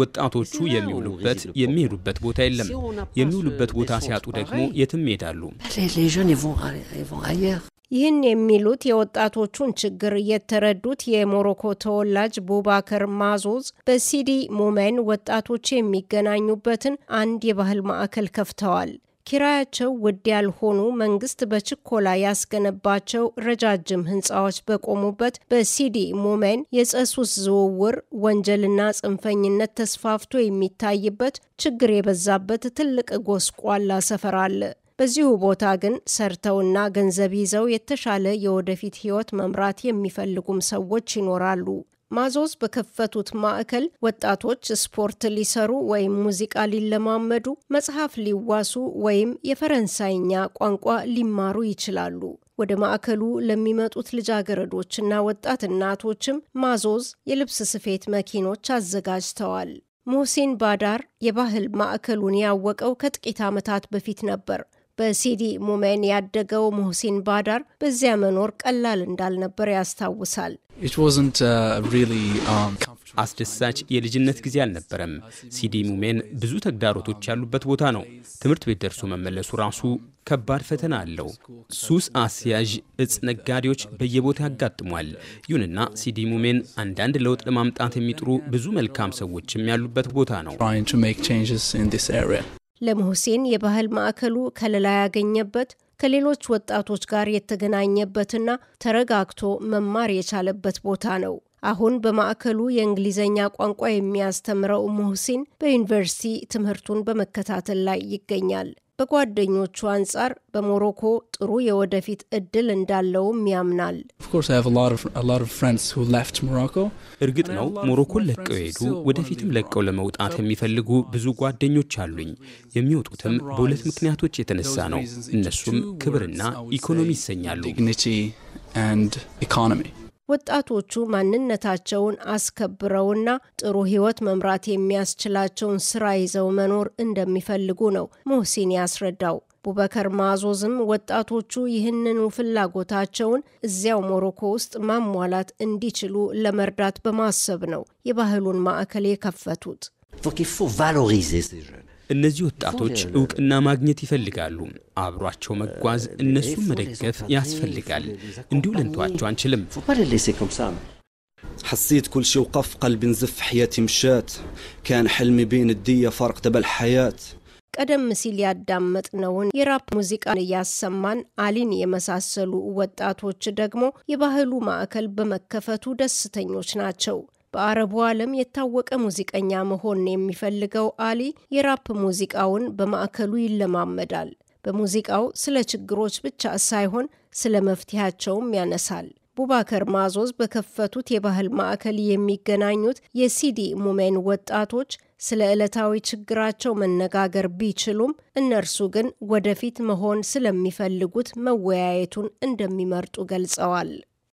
ወጣቶቹ የሚውሉበት የሚሄዱበት ቦታ የለም። የሚውሉበት ቦታ ሲያጡ ደግሞ የትም ይሄዳሉ። ይህን የሚሉት የወጣቶቹን ችግር የተረዱት የሞሮኮ ተወላጅ ቡባከር ማዞዝ በሲዲ ሙመን ወጣቶች የሚገናኙበትን አንድ የባህል ማዕከል ከፍተዋል። ኪራያቸው ውድ ያልሆኑ መንግስት በችኮላ ያስገነባቸው ረጃጅም ህንፃዎች በቆሙበት በሲዲ ሙሜን የጸሱስ ዝውውር ወንጀልና ጽንፈኝነት ተስፋፍቶ የሚታይበት ችግር የበዛበት ትልቅ ጎስቋላ ሰፈር አለ። በዚሁ ቦታ ግን ሰርተውና ገንዘብ ይዘው የተሻለ የወደፊት ህይወት መምራት የሚፈልጉም ሰዎች ይኖራሉ። ማዞዝ በከፈቱት ማዕከል ወጣቶች ስፖርት ሊሰሩ ወይም ሙዚቃ ሊለማመዱ፣ መጽሐፍ ሊዋሱ ወይም የፈረንሳይኛ ቋንቋ ሊማሩ ይችላሉ። ወደ ማዕከሉ ለሚመጡት ልጃገረዶችና ወጣት እናቶችም ማዞዝ የልብስ ስፌት መኪኖች አዘጋጅተዋል። ሙህሲን ባዳር የባህል ማዕከሉን ያወቀው ከጥቂት ዓመታት በፊት ነበር። በሲዲ ሙሜን ያደገው ሙህሲን ባዳር በዚያ መኖር ቀላል እንዳልነበር ያስታውሳል። uh, um, አስደሳች የልጅነት ጊዜ አልነበረም። ሲዲ ሙሜን ብዙ ተግዳሮቶች ያሉበት ቦታ ነው። ትምህርት ቤት ደርሶ መመለሱ ራሱ ከባድ ፈተና አለው። ሱስ አስያዥ እጽ ነጋዴዎች በየቦታ ያጋጥሟል። ይሁንና ሲዲ ሙሜን አንዳንድ ለውጥ ለማምጣት የሚጥሩ ብዙ መልካም ሰዎችም ያሉበት ቦታ ነው። ለመሁሴን የባህል ማዕከሉ ከለላ ያገኘበት ከሌሎች ወጣቶች ጋር የተገናኘበትና ተረጋግቶ መማር የቻለበት ቦታ ነው። አሁን በማዕከሉ የእንግሊዝኛ ቋንቋ የሚያስተምረው ሙህሲን በዩኒቨርሲቲ ትምህርቱን በመከታተል ላይ ይገኛል። በጓደኞቹ አንጻር በሞሮኮ ጥሩ የወደፊት እድል እንዳለውም ያምናል። እርግጥ ነው ሞሮኮን ለቀው የሄዱ ወደፊትም ለቀው ለመውጣት የሚፈልጉ ብዙ ጓደኞች አሉኝ። የሚወጡትም በሁለት ምክንያቶች የተነሳ ነው። እነሱም ክብርና ኢኮኖሚ ይሰኛሉ። ወጣቶቹ ማንነታቸውን አስከብረውና ጥሩ ህይወት መምራት የሚያስችላቸውን ስራ ይዘው መኖር እንደሚፈልጉ ነው ሙህሲን ያስረዳው። ቡበከር ማዞዝም ወጣቶቹ ይህንኑ ፍላጎታቸውን እዚያው ሞሮኮ ውስጥ ማሟላት እንዲችሉ ለመርዳት በማሰብ ነው የባህሉን ማዕከል የከፈቱት። እነዚህ ወጣቶች እውቅና ማግኘት ይፈልጋሉ። አብሯቸው መጓዝ፣ እነሱን መደገፍ ያስፈልጋል። እንዲሁ ልንተዋቸው አንችልም። حسيت كل شي وقف قلبي نزف حياتي مشات كان حلمي بين الدية فرق تبع الحياة ቀደም ሲል ያዳመጥነውን የራፕ ሙዚቃን እያሰማን አሊን የመሳሰሉ ወጣቶች ደግሞ የባህሉ ማዕከል በመከፈቱ ደስተኞች ናቸው። በአረቡ ዓለም የታወቀ ሙዚቀኛ መሆን የሚፈልገው አሊ የራፕ ሙዚቃውን በማዕከሉ ይለማመዳል። በሙዚቃው ስለ ችግሮች ብቻ ሳይሆን ስለ መፍትሄያቸውም ያነሳል። ቡባከር ማዞዝ በከፈቱት የባህል ማዕከል የሚገናኙት የሲዲ ሙሜን ወጣቶች ስለ ዕለታዊ ችግራቸው መነጋገር ቢችሉም እነርሱ ግን ወደፊት መሆን ስለሚፈልጉት መወያየቱን እንደሚመርጡ ገልጸዋል።